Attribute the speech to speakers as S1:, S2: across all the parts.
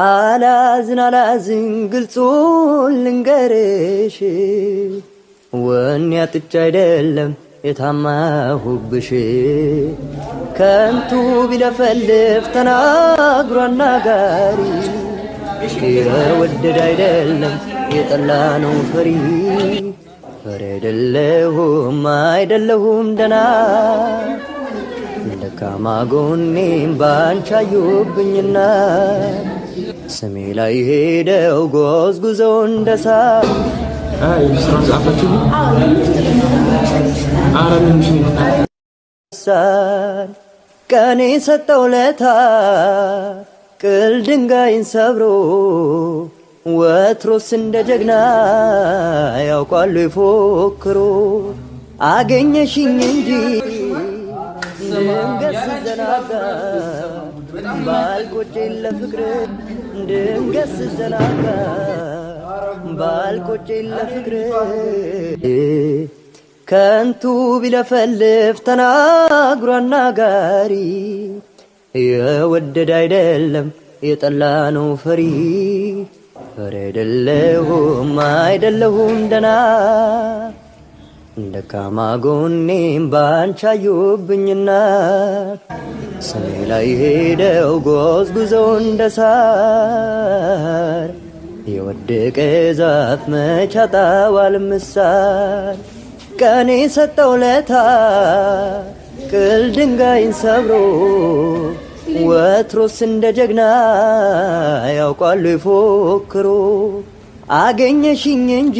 S1: አላዝን አላዝን ግልጹን ልንገርሽ ወኔ አጥቻ አይደለም የታማሁብሽ ከንቱ ቢለፈልፍ ተናግሮ አናጋሪ የወደድ አይደለም የጠላ ነው ፈሪ ፈሪ አይደለሁም አይደለሁም ደና ደካማ ጎኔም ባንቻዩብኝና ስሜ ላይ ሄደው ጎዝ ጉዞ እንደሳ ቀኔ ሰጠው ለታ ቅል ድንጋይን ሰብሮ ወትሮስ እንደ ጀግና ያውቋሉ ይፎክሮ አገኘሽኝ እንጂ ንገስ ዘናጋ ባልቆቼ ለፍቅር አንድም ገስ ዘናጋ ባልቆጭ ለፍቅር ከንቱ ቢለፈልፍ ተናግሮ አናጋሪ የወደድ አይደለም የጠላ ነው ፈሪ። ፈሬ አይደለሁም አይደለሁም ደና ደካማ ጎኔም ባንቻዩብኝና ስሜ ላይ ሄደው ጎዝጉዘው እንደ ሳር የወደቀ ዛፍ መቻጣዋል ምሳር ቀኔ ሰጠው ለታ ቅል ድንጋይን ሰብሮ ወትሮስ እንደ ጀግና ያውቃሉ ይፎክሮ አገኘሽኝ እንጂ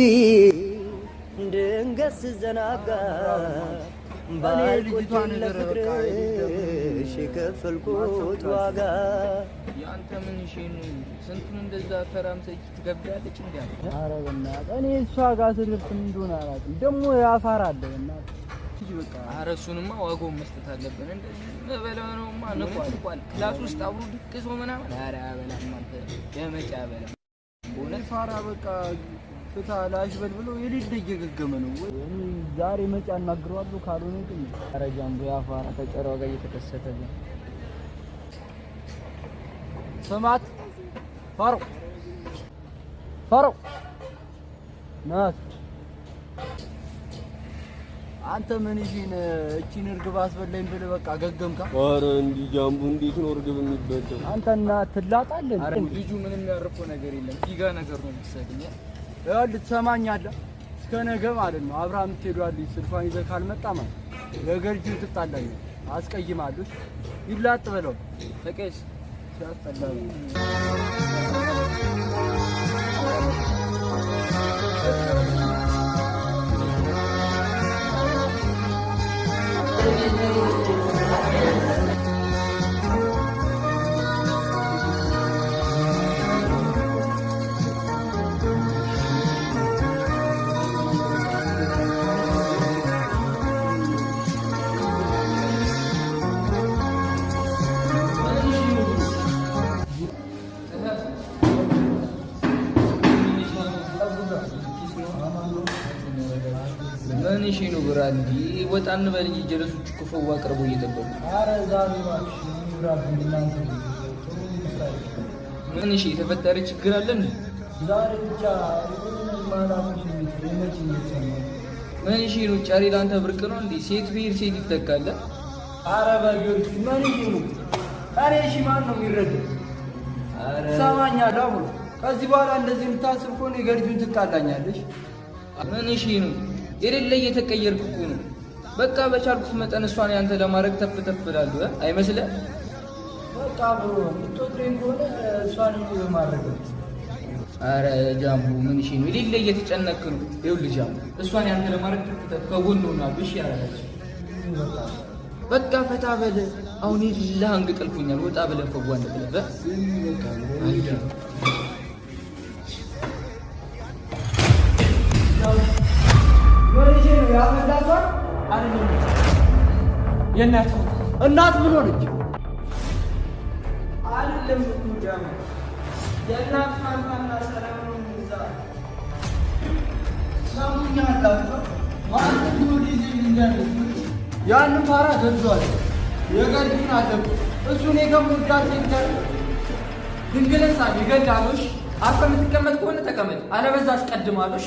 S1: ድንገት ስዘናጋ ባልኩትን ለፍቅርሽ የከፈልኩት ዋጋ
S2: የአንተ ምን እሺ ስንቱን እንደዛ ተራምሰች ትገብዳለች። እንዲያ
S3: ኧረ በእናትህ እኔ እሷ ጋር ስልፍ እንደሆነ አላውቅም። ደግሞ ያፋር አለ በእናትህ
S2: ኧረ እሱንማ ዋጋውን መስጠት አለብን። በበላው ነውማ ንቋል። ክላስ ውስጥ አብሮ ድቅሶ ምናምን ኧረ አበላም አንተ የመጫ አበላም
S3: ፋራ በቃ ፍታ ላሽበል ብሎ የሌለ እየገገመ ነው። ዛሬ መጪ አናግረዋለሁ። ካልሆነ ግን ረጃም በአፋራ ተጨራው ጋር እየተከሰተ ነው። ስማት ፈሮ ፈሮ ናት። አንተ ምን ይሽን እቺን እርግብ አስበላኝ ብለህ በቃ ገገምካ።
S4: ኧረ እንዲህ ጃምቡ እንዴት ነው እርግብ የሚበላው?
S3: አንተና ትላጣለህ።
S2: ልጁ ምንም ያረፈው ነገር የለም። ጊጋ ነገር ነው የሚሰግኘው
S3: ልትሰማኛለህ እስከ ነገ ማለት ነው። አብርሃም ትሄዷለች። ስልኳን ይዘህ ካልመጣ ማለት ነገር እጅን ትጣላኝ፣ አስቀይማለች። ይላጥ በለው
S2: ተቀስ ሲያስጠላ ትንሽ ይኑብራ እንጂ ወጣ እንበል እንጂ ጀለሶች እኮ ፈዋ አቅርቦ እየጠበቁ ምን? እሺ የተፈጠረ ችግር አለ እንዴ? ምን? እሺ ነው ጫሪ ለአንተ ብርቅ ነው እንዴ? ሴት ብሄር ሴት ይተካለ።
S3: አረ በጊዮርጊስ ምን? እሺ ነው አረ እሺ፣ ማን ነው የሚረዳ? ሰማኛ ዳሙ ከዚህ በኋላ እንደዚህ የምታስብ ከሆነ የገርጁን ትጣላኛለሽ።
S2: ምን? እሺ ነው የሌለ እየተቀየርክ እኮ ነው። በቃ በቻልኩት መጠን እሷን ያንተ ለማድረግ ተፍ ተፍ እላለሁ። አይመስልህ?
S3: በቃ ብሮ የምትወደኝ ከሆነ እሷን በማድረግ
S2: አረ ጃምቡ ምን እሺ ነው? የሌለ እየተጨነቅክ ነው። ይኸውልህ ጃምቡ እሷን ያንተ ለማድረግ ተፍ ተፍ ከጎን ሆና ብሽ ያደረገች
S3: በቃ ፈታ በለ አሁን ይላ አንግ ጠልፎኛል። ወጣ ብለን ፈዋን ብለህ የእናት እናት ምን ሆነች? አይደለም ፋራ ገዟል። የቀድን አለም እሱን የገሙዳት ይንተር ድንግለሳ ይገዳሉሽ። አፈ የምትቀመጥ ከሆነ ተቀመጥ፣ አለበዛ አስቀድማሉሽ።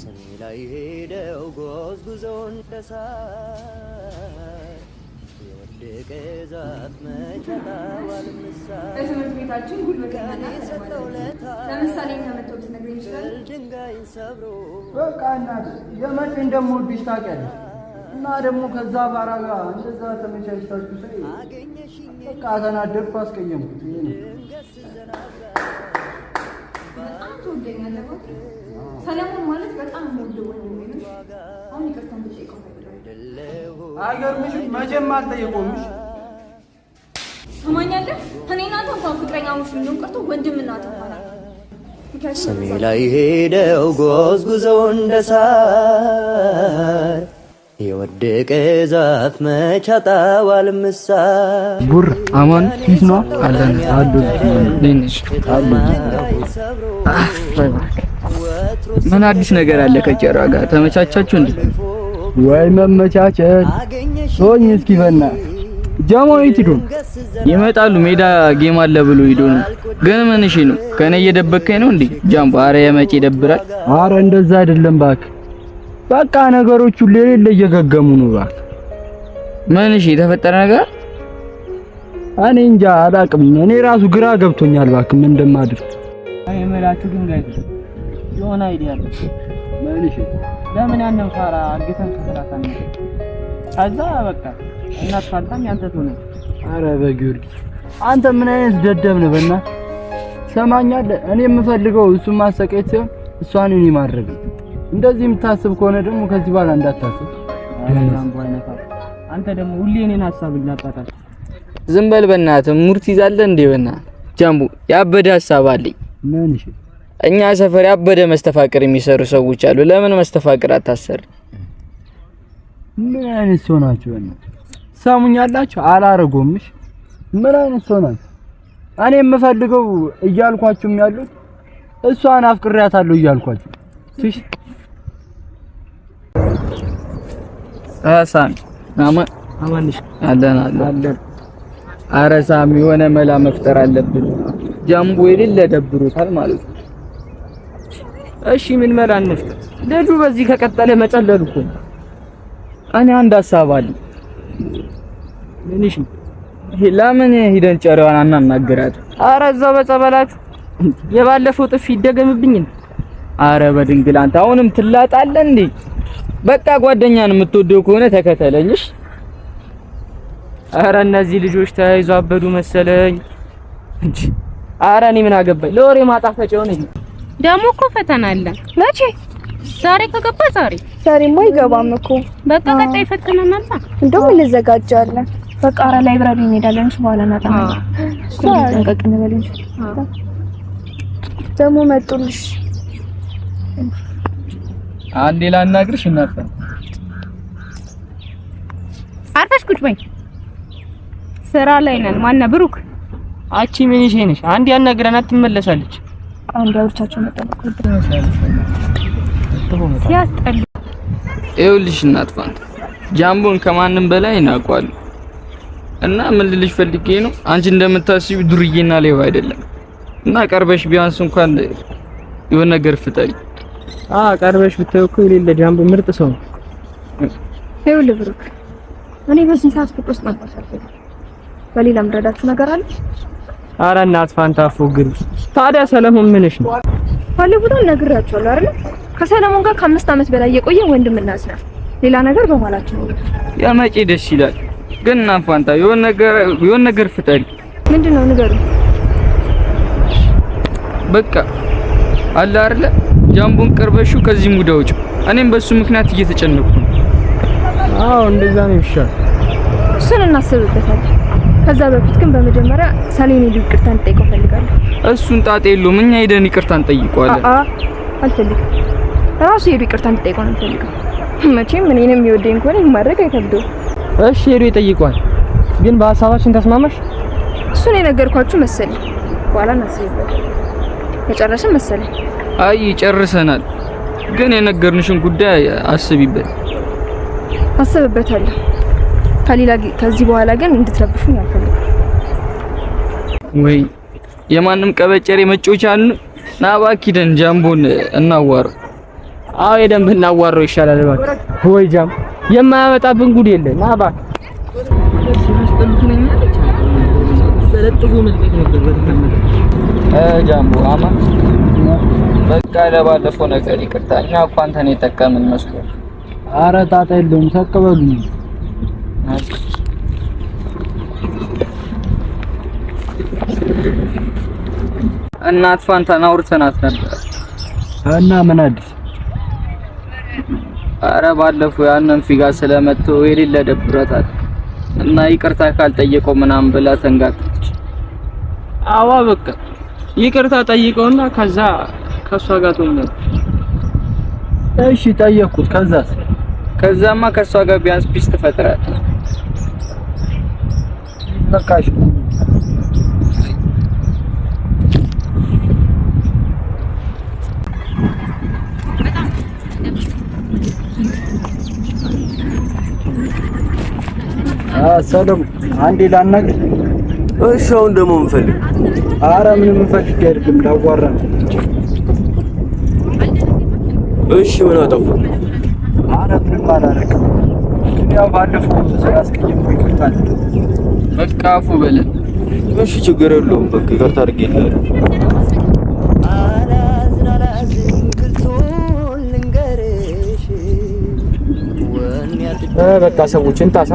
S1: ሰኔ ላይ ሄደው ጎዝ ጉዞ እንደሳር የወደቀ ዛፍ መጨታዋል ምሳር
S5: በትምህርት ቤታችን ጉልበት ለምሳሌ የሚያመጠውት
S3: በቃ እናት የመን እንደምወድሽ ታውቂያለሽ። እና ደግሞ ከዛ ባራ ጋር እንደዛ ተመቻችታችሁ ስለ በቃ ተናደድኩ፣ አስቀየምኩት።
S5: በጣም ትወደኛለህ። ሰለሞን ማለት በጣም የምወደው ወንድሜ አሁን ይቅርታ
S3: መቼም አልጠየቆምሽ።
S5: እኔ እናንተ እንኳን ፍቅረኛሞች ልንሆን ቀርቶ ወንድምና
S1: ሰሜ ላይ ሄደው ጎዝጉዘው እንደሳር የወደቀ ዛፍ መች ምሳ
S2: ቡር አማን እንዴት ነው አለን አሉ ምን አዲስ ነገር አለ? ከጨራ ጋር ተመቻቻችሁ እንዴ?
S3: ወይ መመቻቸት ሶኝ እስኪ ፈና ጃሞ ይትዱ
S2: ይመጣሉ። ሜዳ ጌም አለ ብሎ ሂዶ ነው። ግን ምን እሺ ነው ከኔ እየደበከኝ ነው እንዴ? ጃምቦ አረ የመጪ ይደብራል።
S3: አረ እንደዛ አይደለም ባክ በቃ ነገሮች ሁሉ የሌለ እየገገሙ ነው። እባክህ
S2: ምን? እሺ የተፈጠረ ነገር
S3: እኔ እንጃ አላውቅም። እኔ ራሱ ግራ ገብቶኛል። እባክህ ምን እንደማድርግ አይ የምላችሁ ግን ጋር የሆነ አይዲያ አለ። ምን? እሺ ለምን ያንን ፋራ አድርገን ተሰራታን ከዛ በቃ እናት ፋንታም ያንተ ትሆነች። አረ በጊዮርጊስ አንተ ምን አይነት ደደብ ነህ? በእናትህ ሰማኛለህ። እኔ የምፈልገው እሱን ማሰቃየት ሲሆን እሷን እኔ ማድረግ ነው። እንደዚህ የምታስብ ከሆነ ደግሞ ከዚህ በኋላ እንዳታስብ። አንተ ደግሞ ሁሌ እኔን ሀሳብ ላጣጣል።
S2: ዝም በል በእናትህ ሙርት ይዛለ እንዴ? በእናትህ ጃምቡ፣ ያበደ ሀሳብ አለኝ። እኛ ሰፈር ያበደ መስተፋቅር የሚሰሩ ሰዎች አሉ። ለምን መስተፋቅር አታሰር?
S3: ምን አይነት ሰው ናቸው? ሰሙኛላችሁ? አላረጎምሽ። ምን አይነት ሰው ናቸው? እኔ የምፈልገው እያልኳችሁም ያሉት እሷን አፍቅሬያታለሁ እያልኳችሁ ኧረ ሳሚ የሆነ መላ መፍጠር አለብን። ጃምቦ የሌለ ደብሮታል ማለት ነው።
S2: እሺ ምን መላ እንፍጠር? ልጁ በዚህ ከቀጠለ መጨለል እኮ ነው።
S3: እኔ አንድ ሀሳብ አለ። ምንሽ? ለምን ሂደን ጨሬዋን አናናግራት?
S2: አረ እዛው በጸበላችሁ የባለፈው ጥፊ ይደገምብኝ። አረ በድንግል አንተ አሁንም ትላጣለህ እንዴ? በቃ ጓደኛን የምትወደው ከሆነ ተከተለኝሽ። አረ እነዚህ ልጆች ተያይዞ አበዱ መሰለኝ እንጂ አረ እኔ ምን አገባኝ። ለወሬ ማጣፈጫ ሆነ እንጂ
S5: ደግሞ እኮ ፈተና አለ። መቼ? ዛሬ ከገባ ዛሬ
S4: ዛሬማ አይገባም እኮ
S5: በቃ ቀጣይ ፈተና እናንተ
S4: እንደውም እንዘጋጃለን። በቃ አረ ላይብራሪ እንሄዳለን። እሺ በኋላ እናጣ ጠንቀቅ እንበል እንጂ ደግሞ መጡልሽ
S2: አንዴ ላናግርሽ እናፈር
S5: አርፈሽ ቁጭ በይ። ስራ ላይ ነን። ማነው ብሩክ?
S2: አቺ ምን ይሄ ነሽ? አንዴ ያናግረናት ትመለሳለች።
S4: አንዴ አውርቻቸው መጣሁ።
S2: ሲያስጠሉ። ይኸውልሽ እናጥፋን ጃምቦን ከማንም በላይ እናውቀዋለን። እና ምን ልልሽ ፈልጌ ነው አንቺ እንደምታስቢ ዱርዬና ሌባ አይደለም። እና ቀርበሽ ቢያንስ እንኳን የሆነ ነገር ፍጠሪ።
S3: አዎ ቀርበሽ ብታዪው እኮ የሌለ ጃምቦ ምርጥ ሰው ነው።
S5: ይኸውልህ ብሩክ፣ እኔ በዚህ ሰዓት ፍቅር ውስጥ መግባት አልፈልግም። በሌላ የምረዳችሁ ነገር አለ።
S3: ኧረ እናት ፋንታፎ ግን ታዲያ ሰለሞን ምንሽ ነው?
S5: ባለፉት ነግራችኋለሁ አይደል? ከሰለሞን ጋር ከአምስት ዓመት በላይ የቆየ ወንድም እና አስናፍ ሌላ ነገር ነው።
S2: የመጪ ደስ ይላል። ግን እናት ፋንታ የሆነ ነገር የሆነ ነገር ፍጠሪ። ምንድን ነው ንገሩ። በቃ አለ አይደል ጃምቦን ቀርበሹ ከዚህ ሙዳ ውጭ። እኔም በሱ ምክንያት እየተጨነቅኩ ነው።
S3: አዎ እንደዛ ነው ይሻል።
S5: እሱን እናስብበታለን። ከዛ በፊት ግን በመጀመሪያ ሰሌን ሄዱ ይቅርታ እንጠይቀው ፈልጋለሁ።
S2: እሱን ጣጤ የለውም። እኛ ሄደን ይቅርታ እንጠይቀዋለን። አአ
S5: አልፈልግም። ራሱ ሄዱ ይቅርታ እንጠይቀው ነው ፈልጋለሁ። መቼም እኔንም የሚወደኝ ከሆነ ማድረግ አይከብደውም።
S3: እሺ ሄዱ ይጠይቋል። ግን በሀሳባችን ተስማማሽ?
S5: እሱን የነገርኳችሁ መሰለኝ። በኋላ እናስብበታለን። መጨረሻ መሰለኝ
S2: አይ ጨርሰናል። ግን የነገርንሽን ጉዳይ አስቢበት።
S5: አስብበታለሁ። ከሌላ ከዚህ በኋላ ግን እንድትረብሹኝ አልፈልግም።
S2: ወይ የማንም ቀበጨሬ መጮቻ ና እባክህ ሂደን ጃምቦን እናዋር።
S3: አዎ ሄደን ብናዋረው ይሻላል። እባክህ ወይ ጃም የማያመጣብን ጉድ የለ። ና እባክህ
S2: ጃምቦ አማ በቃ ለባለፈው ነገር ይቅርታ። እኛ እኮ አንተን የጠቀምን መስሎ።
S3: አረ ጣጣ የለውም። ተቀበሉ። በሉ
S2: እናት ፋንታን አውርተናት ነበር
S3: እና ምን አዲስ?
S2: አረ ባለፈው ያንን ፊጋ ስለመተው የሌለ ደብረታል እና ይቅርታ ካልጠየቀው ምናምን ብላ ተንጋጠች። አዋ በቃ ይቅርታ ጠይቀውና ከዛ ከሷ ጋር ትሆኛል።
S3: እሺ ጠየቅኩት። ከዛስ?
S2: ከዛማ ከሷ ጋር ቢያንስ ፒስ ትፈጥራለህ። በቃሽ
S3: ሰሎም አንዴ ላናግር።
S2: እሺ አሁን ደግሞ ምፈልግ?
S3: አረ ምንም ምፈልግ አይደለም፣ ላዋራ ነው።
S2: እሺ ምን አጠፉ?
S3: አረ ምንም አላደረግም። ያው ባለፈው ስላስቀየም ይቅርታ
S2: በቃ አፉ በለን። እሺ ችግር የለውም በቃ ይቅርታ አድርጌልሃለሁ።
S3: በቃ ሰዎችን ታሳ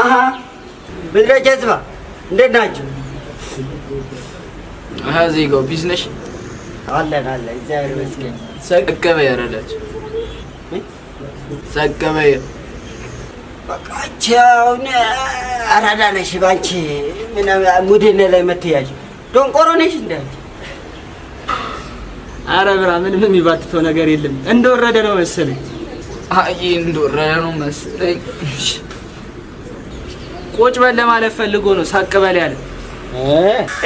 S6: አሀ ምድረ ጀዝባ እንዴት ናችሁ?
S2: አሀ ዜጋው ቢዝ
S6: አለን አለን፣ እግዚአብሔር ይመስገን።
S2: ሰቀበ ያረዳች ሰቀበ
S6: በቃቸውን አራዳ ነሽ ባንቺ ሙድነ ላይ መትያጅ ዶንቆሮ ነሽ እንዳለች
S2: አረ ብራ ምንም የሚባትተው ነገር የለም። እንደወረደ ነው መሰለኝ። አይ እንደወረደ ነው መሰለኝ። ቁጭ በል ለማለት ፈልጎ ነው ሳቅ በል ያለ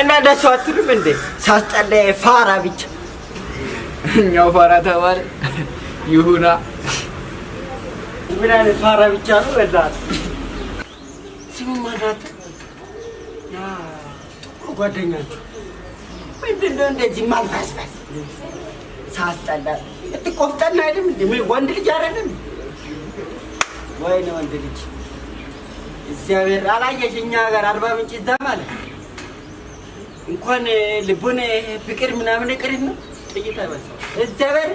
S6: እና እንደሱ አትሉም እንዴ? ሳስጠላ ፋራ ብቻ
S2: እኛው ፋራ ተባለ ይሁና
S6: ምን አይነት ፋራ ብቻ ነው። በላ ስሙ ማዳት ያ ጥቁር ጓደኛችሁ ምንድን ነው እንደዚህ ማልፋስፋስ ሳስጠላ እትቆፍጠና አይደም እንዴ? ወንድ ልጅ አይደለም ወይ ነው ወንድ ልጅ እግዚአብሔር አላየሽ እኛ ሀገር አርባ ምንጭ እዛ ማለት እንኳን ልቡን ፍቅር ምናምን ቅሪት ነው ጥይት አይበሳ እግዚአብሔር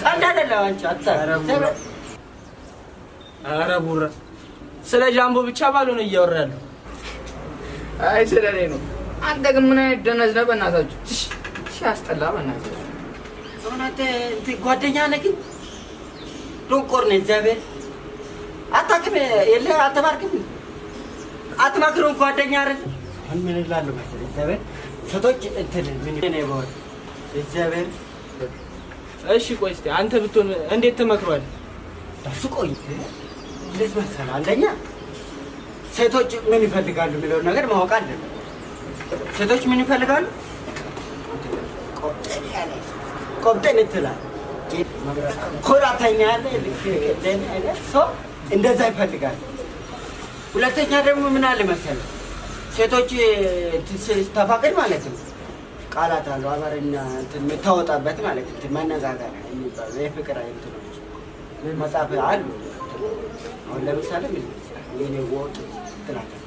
S6: ቀልድ አይደለም። አንቺ አታ
S2: አረ ቡራ ስለ ጃምቦ ብቻ ባልሆነ እያወራ ያለሁ አይ ስለ እኔ ነው። አንተ ግን ምን አይነት ደነዝ ነህ? በእናታችሁ ሲያስጠላ በእናታችሁ
S6: እውነት ጓደኛ ነህ ግን ዶንቆር ነህ። እግዚአብሔር አታውቅም የለ አልተማርክም አትመክሩን ጓደኛ አይደል? ምን እላለሁ መሰለኝ እግዚአብሔር ሴቶች እንትን ምን ነው ይባል እግዚአብሔር።
S2: እሺ ቆይ እስኪ አንተ ብትሆን እንዴት ትመክሯል?
S6: እሱ ቆይ እንዴት መሰለህ፣ አንደኛ ሴቶች ምን ይፈልጋሉ የሚለውን ነገር ማወቅ አለ። ሴቶች ምን ይፈልጋሉ? ቆብጠን ያለ ቆብጠን እንትላል ኩራተኛ ያለ ሰው እንደዛ ይፈልጋል። ሁለተኛ ደግሞ ምን አለ መሰለ ሴቶች ተፋቅድ ማለት ነው ቃላት አሉ አማርኛ የምታወጣበት ማለት ነው መነጋገር የሚባለው የፍቅር ነው መጽሐፍ አሉ። አሁን ለምሳሌ የኔ ወጥ ትላለህ።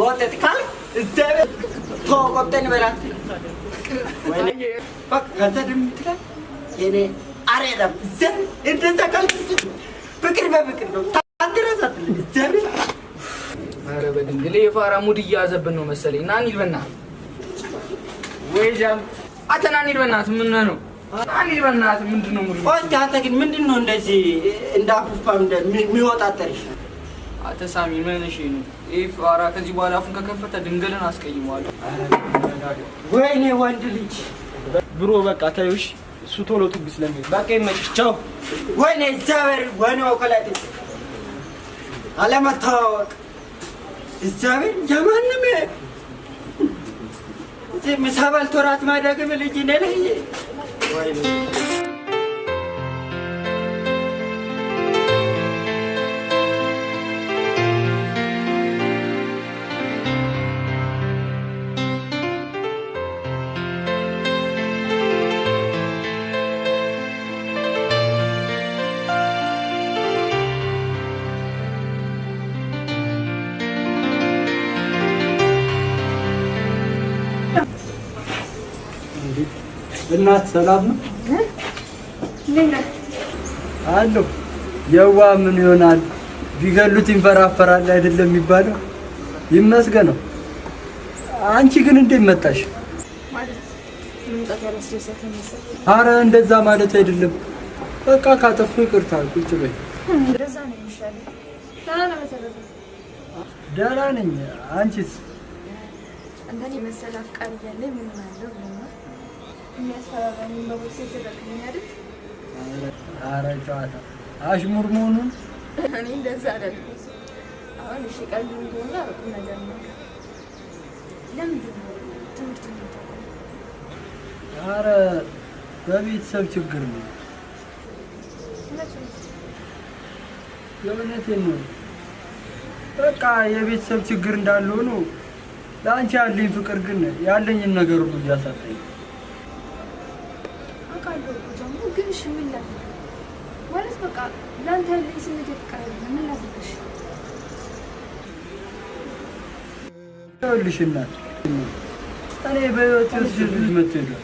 S6: ወጥ ትካል በላት እንደዛ ፍቅር በፍቅር ነው
S2: ኧረ በድንግሌ የፋራ ሙድ እያያዘብን ነው መሰለኝ። ና ወይ ጃም አንተ ምን ነው ምንድን ነው ሙድ?
S6: ቆይ አንተ ግን ምንድን ነው እንደዚህ እንደ የሚወጣጠርሽ?
S2: አንተ ሳሚ ነው ይህ ፋራ። ከዚህ በኋላ አፉን ከከፈተ ድንግልን አስቀይመዋለሁ።
S6: ወይኔ ወንድ ልጅ
S2: ብሮ በቃ ታዩሽ እሱ ቶሎ በቃ ይመችሽ። ቻው።
S6: ወይኔ እግዚአብሔር ወይኔ ወከላት እግዚአብሔር ያማንም ምሳ በልቶ ራት ማደግም ልጅ ነለይ
S3: እናት ሰላም ነው አለሁ። የዋ ምን ይሆናል ቢገሉት ይንፈራፈራል አይደለም የሚባለው። ይመስገነው። አንቺ ግን እንዴት መጣሽ? አረ እንደዛ ማለት አይደለም። በቃ ካጠፉ ይቅርታ፣ ቁጭ በይ። ደህና ነኝ። አንቺስ?
S5: እንደኔ መሰለ አፍቃሪ ያለ ምን አለው?
S3: አረ ጨዋታ አሽሙር መሆኑን
S5: እኔ እንደዛ አይደለም። አሁን እሺ፣ ቀልድ እንደሆነ ቁም ነገር ነው። ለምንድን ነው ትምህርት
S3: በቤተሰብ ችግር ነው። የእውነቴን ነው። በቃ የቤተሰብ ችግር እንዳለ ሆኖ ለአንቺ ያለኝ ፍቅር ግን ያለኝን ነገር ሁሉ እያሳጣኝ
S5: በቃ ለአንተ ያለኝ ስሜት የፍቅር አይደለም። ምን ላድርግሽ?
S3: ይኸውልሽ እናት እኔ በህይወት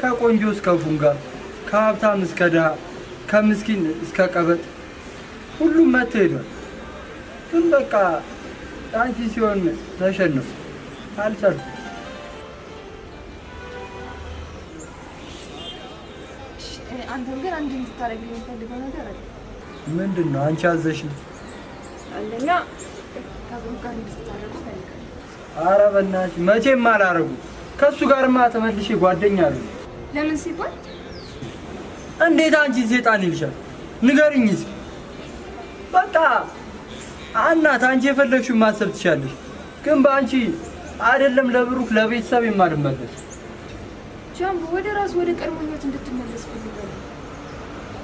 S3: ከቆንጆ እስከ ፉንጋ፣ ከሀብታም እስከ ድሃ፣ ከምስኪን እስከ ቀበጥ ሁሉም መትሄዷል። ግን በቃ አንቺ ሲሆን ተሸንፍ አልቻልኩም።
S5: አንተም ግን አንድ እንድታረግ ነገር አለ።
S3: ምንድን ነው? አንቺ አዘሽ ነው።
S5: አንደኛ ከብሩክ ጋር እንድታረጉ
S3: ፈልጋለሁ። አረ በእናትሽ መቼም አላረጉ። ከእሱ ጋርማ ተመልሼ ጓደኛ አሉ። ለምን ሲባል እንዴት አንቺ ሴጣን ይልሻል? ንገርኝ እዚህ በቃ አናት አንቺ የፈለግሽውን ማሰብ ትችላለሽ፣ ግን በአንቺ አይደለም ለብሩክ ለቤተሰብ የማልመለስ
S5: ጃምቦ ወደ ራሱ ወደ ቀድሞ ህይወት እንድትመለስ ፈልጋለሁ።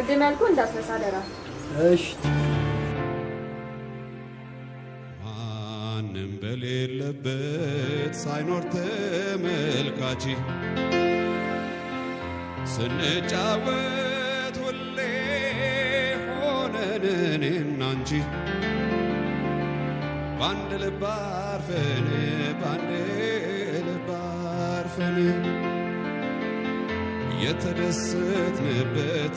S5: ቅድም ያልኩ እንዳስነሳ ደራ
S3: እሺ
S7: ማንም በሌለበት ሳይኖር ተመልካች ስንጫወት ሁሌ ሆነን እኔና አንቺ በአንድ ልብ አርፈን በአንድ ልብ አርፈን የተደሰትንበት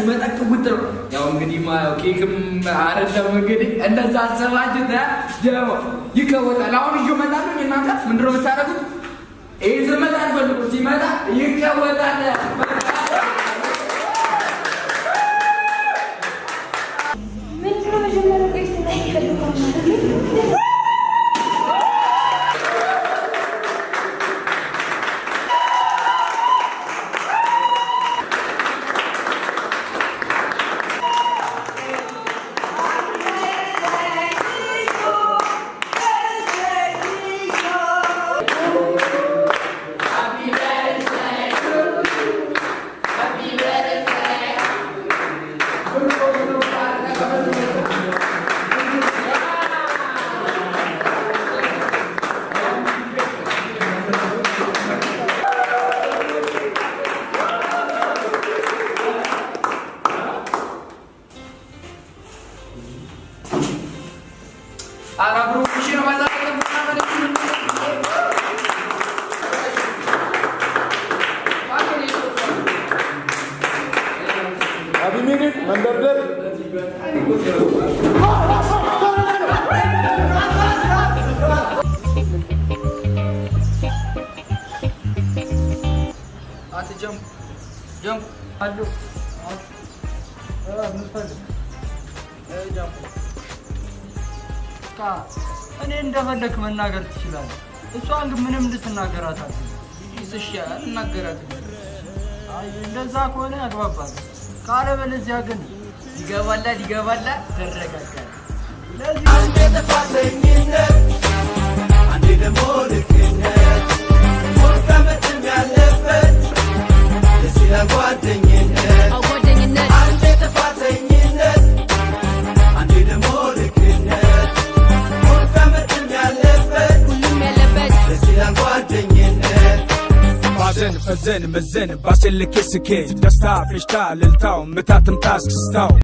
S2: ሲመጣ ክውጥ ነው። ያው እንግዲህ ኬክም አይደለም እንግዲህ እንደዛ አሰባጅ ደግሞ ይከወጣል። አሁን ይዤ እመጣለሁ። እናንተ ምንድነው ነው የምታደርጉት? ይሄ ዝመጣ አልፈልጉም ሲመጣ
S3: በቃ እኔ እንደፈለክ መናገር ትችላለህ። እሷን ግን ምንም ልትናገራት አትችልም። እሺ አልናገራት። እንደዛ ከሆነ ያግባባል። ካለበለዚያ ግን ይገባላ ሊገባላ ተረጋጋል።
S7: አንዴ ልክነት ያለበት ደስ ጓደኝነት فزين فزين مزين باش اللي كيس كيس بس تعرف il-taw, متى تمتاز كستاو